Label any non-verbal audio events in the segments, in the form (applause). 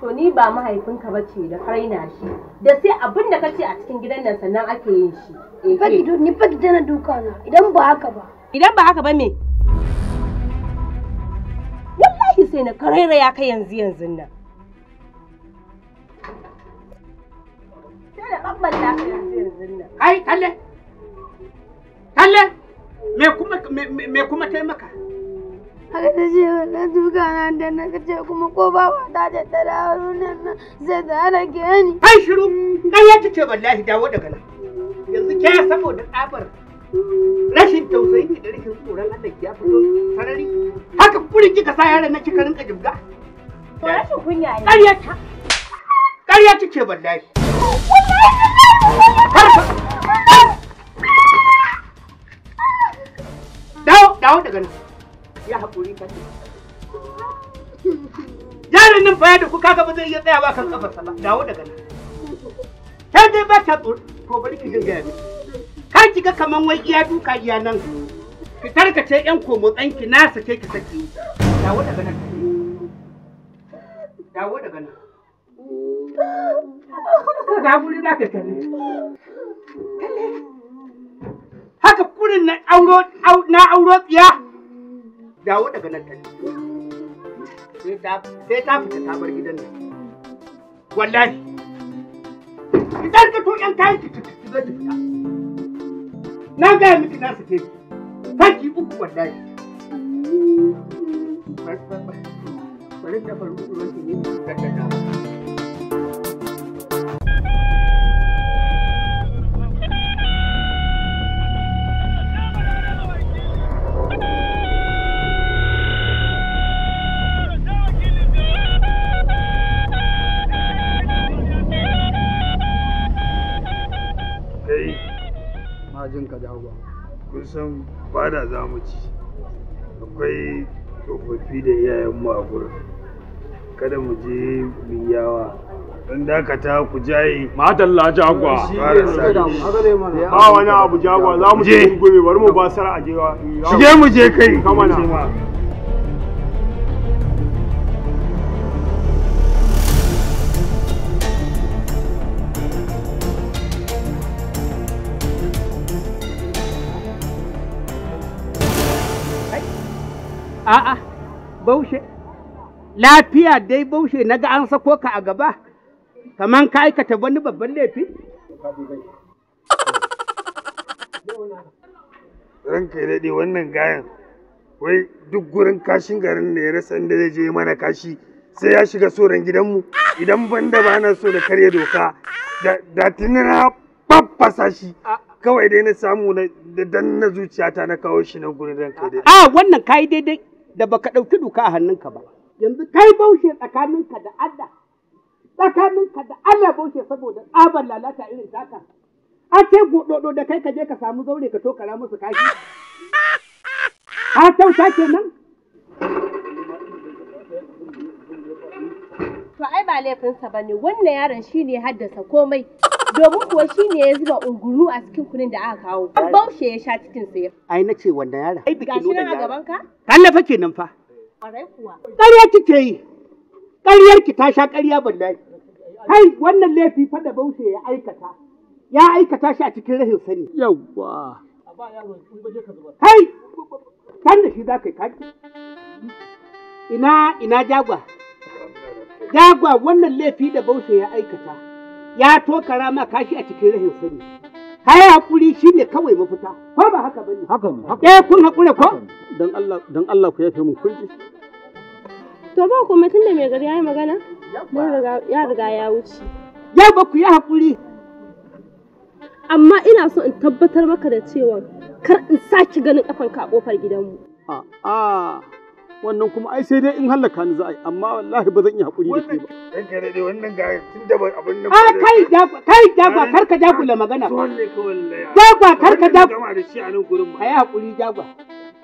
to ni ba mahaifinka ba ce da raina shi da sai abin da kace a cikin gidan nan sannan ake yin shi eh, ni fa ki eh. na duka na idan ba haka ba idan ba haka ba me wallahi sai na karaira ya kai yanzu yanzu nan ai kalle kalle me kuma me kuma taimaka haka ta ce wannan duka na da na ce kuma ko ba ba ta da ta dawo nan zai da rage ni ai shiru ƙarya ta ce wallahi dawo daga nan yanzu kya saboda tsabar rashin tausayi da rashin tsoron Allah ya fito sarari haka kurin kika sa yaran na kika rinka jibga to rashin kunya ne ƙarya ƙarya ta ce wallahi dawo dawo daga nan ya haƙuri ka jarin nan baya da ku kaga ba zai iya tsayawa kan kafarsa ba dawo daga nan ta dai ba ta to bari ki gaya ni ka kiga kaman wai iya duka iya nan ki tarkace yan komo tsanki na sake ki saki dawo daga nan dawo daga nan ka guri na ka kalle haka kurin na auro na auro tsiya dawo daga nan ta sai ta fita ta bar gidan nan wallahi idan ka to yan kayan ki zai ta fita na gaya miki na su ke saki uku wallahi bari ta faru ruwan ki ne ta kun san ba da za mu ci akwai tsofaffi da iyayenmu a gurin kada mu je yawa. don dakata ku jaye madalla jagwa ba wani abu jagwa za mu je gobe bari mu basar a jewa shige mu je kai kamana baushe lafiya dai baushe na ga an sako ka a gaba kaman ka aikata wani babban laifi ranke ya daɗe wannan gayan wai duk gurin kashin garin ne rasa inda zai je mana kashi sai ya shiga soran gidanmu idan ban da ba na so da karya doka da na shi kawai dai na samu da dan na zuciyata na kawo shi na gurin ranke daɗe a ah, wannan kai daidai da baka ɗauki duka a hannunka ba yanzu kai baushe tsakaninka da Allah tsakaninka da Allah baushe saboda tsabar lalata irin taka a ce gododo da kai ka je ka samu zaure ka tokara musu kashi ka kyauta nan. to ai ba laifinsa ne, wannan yaron shi ne haddasa komai domin kuwa shi ne ya zuba ungulu a cikin kunin da aka kawo an baushe ya sha cikin sa ai ce wanda yara Ga shi nuna yara gaban ka kallafa kenan fa ƙwarai kuwa ƙarya kike yi ƙaryar ki ta sha ƙarya wallahi kai wannan laifi fa da baushe ya aikata ya aikata shi a cikin rahin sani yawwa kai kan da shi za ka yi kaki ina ina jagwa jagwa wannan laifi da baushe ya aikata ya to ma kashi a cikin rahin sani kai hakuri shine kawai mafita ko ba haka bane haka ne eh kun hakure ko dan Allah dan Allah ku yafe mu kun ji to ba mutun da mai gari yayi magana ya riga ya wuce ya ba ku yi hakuri amma ina so in tabbatar maka da cewa kar in saki ganin kafanka a kofar gidanmu a'a wannan kuma ai sai dai in hallaka ni za a yi amma wallahi ba zan yi haƙuri da ke ba. Ɗan kare dai wannan kai jagwa kai jagwa kar ka jagula magana. Jagwa kar ka jagula. Ka yi haƙuri jagwa.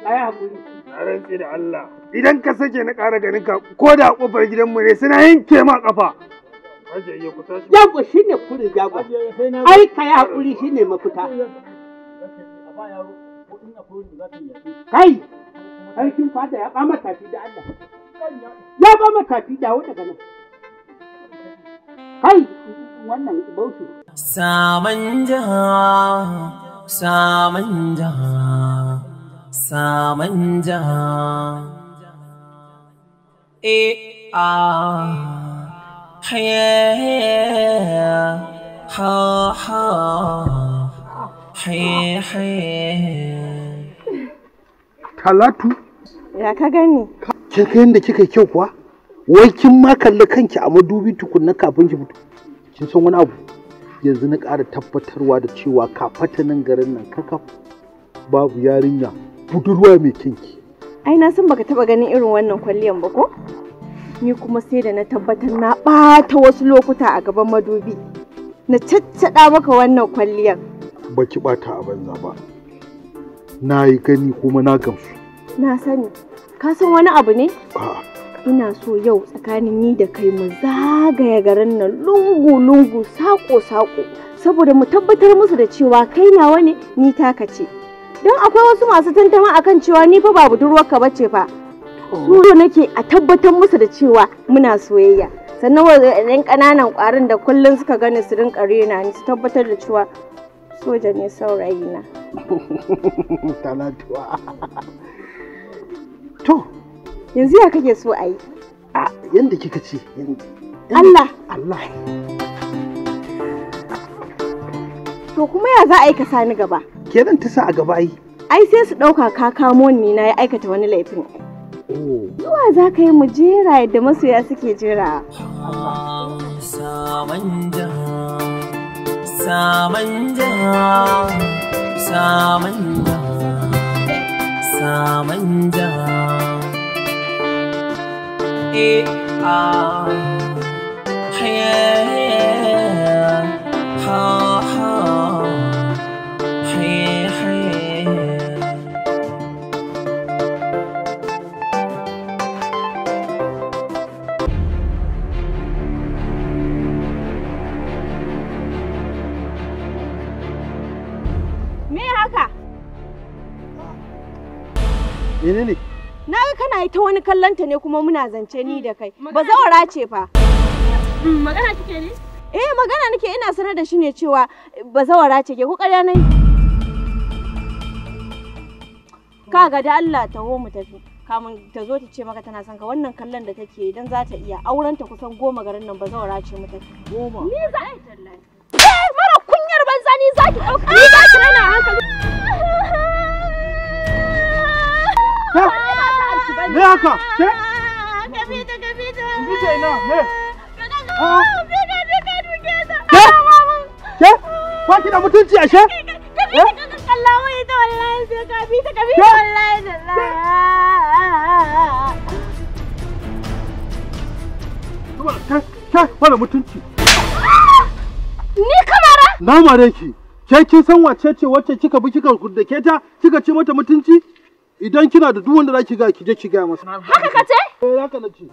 Ka yi haƙuri. Na rantse da Allah. Idan ka sake na ƙara ganin ka ko da ƙofar gidanmu ne suna yanke ma ƙafa. Jagwa shi ne kuri jagwa. Ai ka yi haƙuri shi ne mafita. Kai! Sarkin fada ya ɓama tafi da Allah. Ya ɓama tafi da wata gana. Kai wannan bauchi. Saman jiha, saman jiha, saman jiha. E a ha ha ha ha. Talatu. Ya ka gani? Kin kai yadda kika kyau kuwa? Wai kin ma kalli kanki a madubi tukunna kafin ki fito. Kin san wani abu? Yanzu na ƙara tabbatarwa da cewa kafatanin garin nan kakaf babu yarinya budurwa mai kinki. Ai na san baka taba ganin irin wannan kwalliyan ba ko? Ni kuma sai da na tabbatar na ɓata wasu lokuta a gaban madubi. Na caccaɗa maka wannan kwalliyan. Baki ɓata a banza ba. na yi gani kuma na gamsu na sani ka san wani abu ne ina so yau tsakanin ni da kai mu zagaya garin nan lungu lungu sako sako saboda mu tabbatar musu da cewa kai nawa ne ni taka ce don akwai wasu masu tantama akan cewa ni fa ba budurwarka bace fa suro oh. nake a tabbatar musu da cewa muna soyayya sannan wadannan ƙananan ƙwarin da kullum suka gani su rinƙa rena ni su tabbatar da cewa soja ne saurayi na (laughs) talatuwa to yanzu ya kake so a yi a yadda kika ce Allah Allah to kuma ya za a yi ka sani gaba kenan ta sa a gaba yi ai sai su ɗauka ka kamo ni na ya aikata wani laifin zuwa oh. za ka yi mu jera yadda masoya suke jera Allah samanja samanja samanja e a yeah. menene na ga kana yi ta wani kallonta ne kuma muna zance ni da kai hmm, ba zawara ce fa hmm, magana kike ne eh magana nake ina sanar da shi ne cewa ba zawara ce ke ku ƙarya nayi ka ga da Allah ho mu tafi kamun ta zo ta ce maka tana son ka wannan kallon da take idan za ta iya auren ta kusan goma garin nan ba zawara ce tafi. goma ni za a yi tallafi eh mara kunyar banza ni za ki dauka ni za ki raina hankali ah! ne haka? Ke? Ka bi ta ina ne. Ka daga ka bi ka duke Ke? Ke? Ba ki mutunci ashe? Ka bi ta ka kalla wai mutunci. Ah! Ni kamara? Na mare ki. Ke kin san wace ce wacce kika bi kika da ke kika ce mata mutunci? idan kina da duk wanda zaki ga ki je ki ga masa haka ka ce eh haka na ce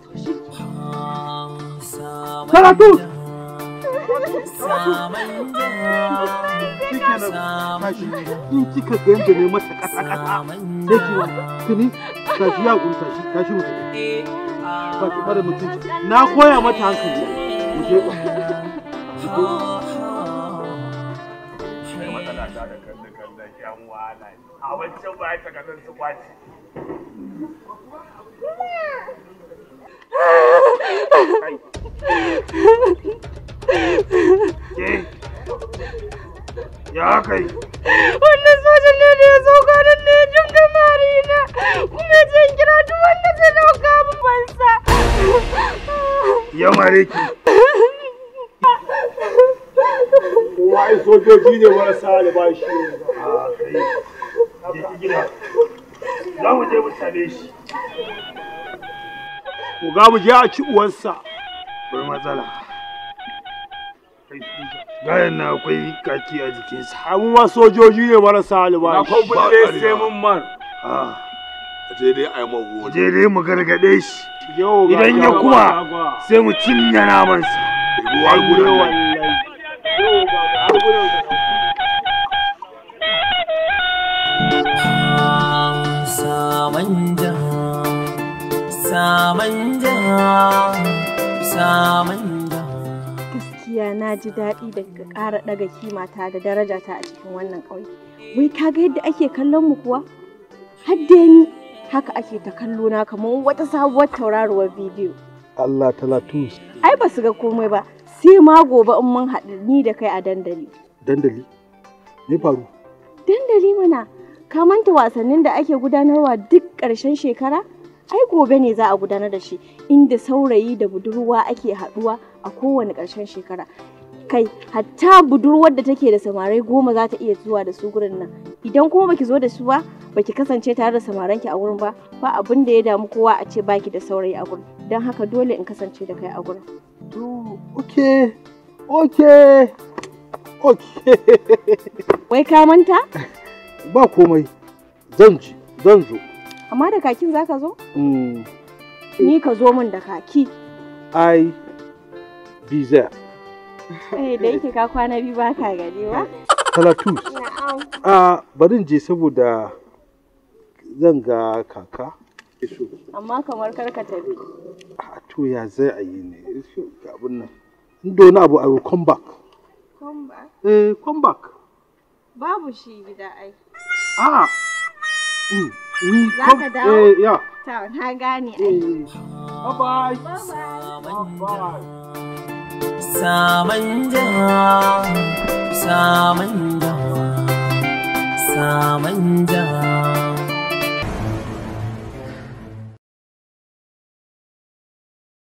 karatu in kika ga yadda ne masa kasa kasa sai ki wanda tuni tashi ya ba ki mutunci na koya mata hankali mu je (laughs) mata da kanda kanda yan wala a wancan baya ta kanan su kwaci ya kai wannan sojan ne da ya zo ganin ne jin sojoji ne mu je je a ci uwarsa bai na akwai kaki a jikinsa abu ma sojoji ne marasa albashi akwai bude sai mun a ah. je dai a yi mago je dai mu gargaɗe shi idan ya kuma sai mu cinye namansa ruwa manja sa manja gaskiya na ji daɗi da ƙara ɗaga kimata da daraja ta a cikin wannan ƙauye wai ka ga yadda ake kallon mu kuwa hadde ni haka ake ta kallo na kamar wata sabuwar tauraruwar bidiyo Allah ta talatu ai ba su ga komai ba sai ma gobe in mun haɗu ni da kai a dandali dandali me faru dandali mana ka manta wasannin da ake gudanarwa duk ƙarshen shekara ai gobe ne za a gudanar da shi inda saurayi da budurwa ake haɗuwa a kowane ƙarshen shekara kai hatta budurwar da take da samarai goma za ta iya zuwa da su gurin nan idan kuma baki zo da su ba baki kasance tare da samaranki a gurin ba ba abin da ya damu kowa a ce baki da saurayi a gurin don haka dole in kasance da kai a gurin okay okay okay (laughs) wai ka manta ba komai zan ji zan zo Amma da kakin za ka zo? Hmm. Ni ka zo min da kaki. Ai, biza. Eh, da yake ka kwana biyu ba ka gani ba? Talatus. A barin je saboda zan ga kaka. Amma kamar karka ka tafi. A to ya zai a yi ne. Ga abin nan. In da wani abu I will come back. Come back? Eh, come back. Babu shi gida ai. Ah, Za ka dawo? Eh, ya. Ta, na gane. aiki. Eh, eh. bye Bye-bye. Saman jaha, saman jaha, saman jaha.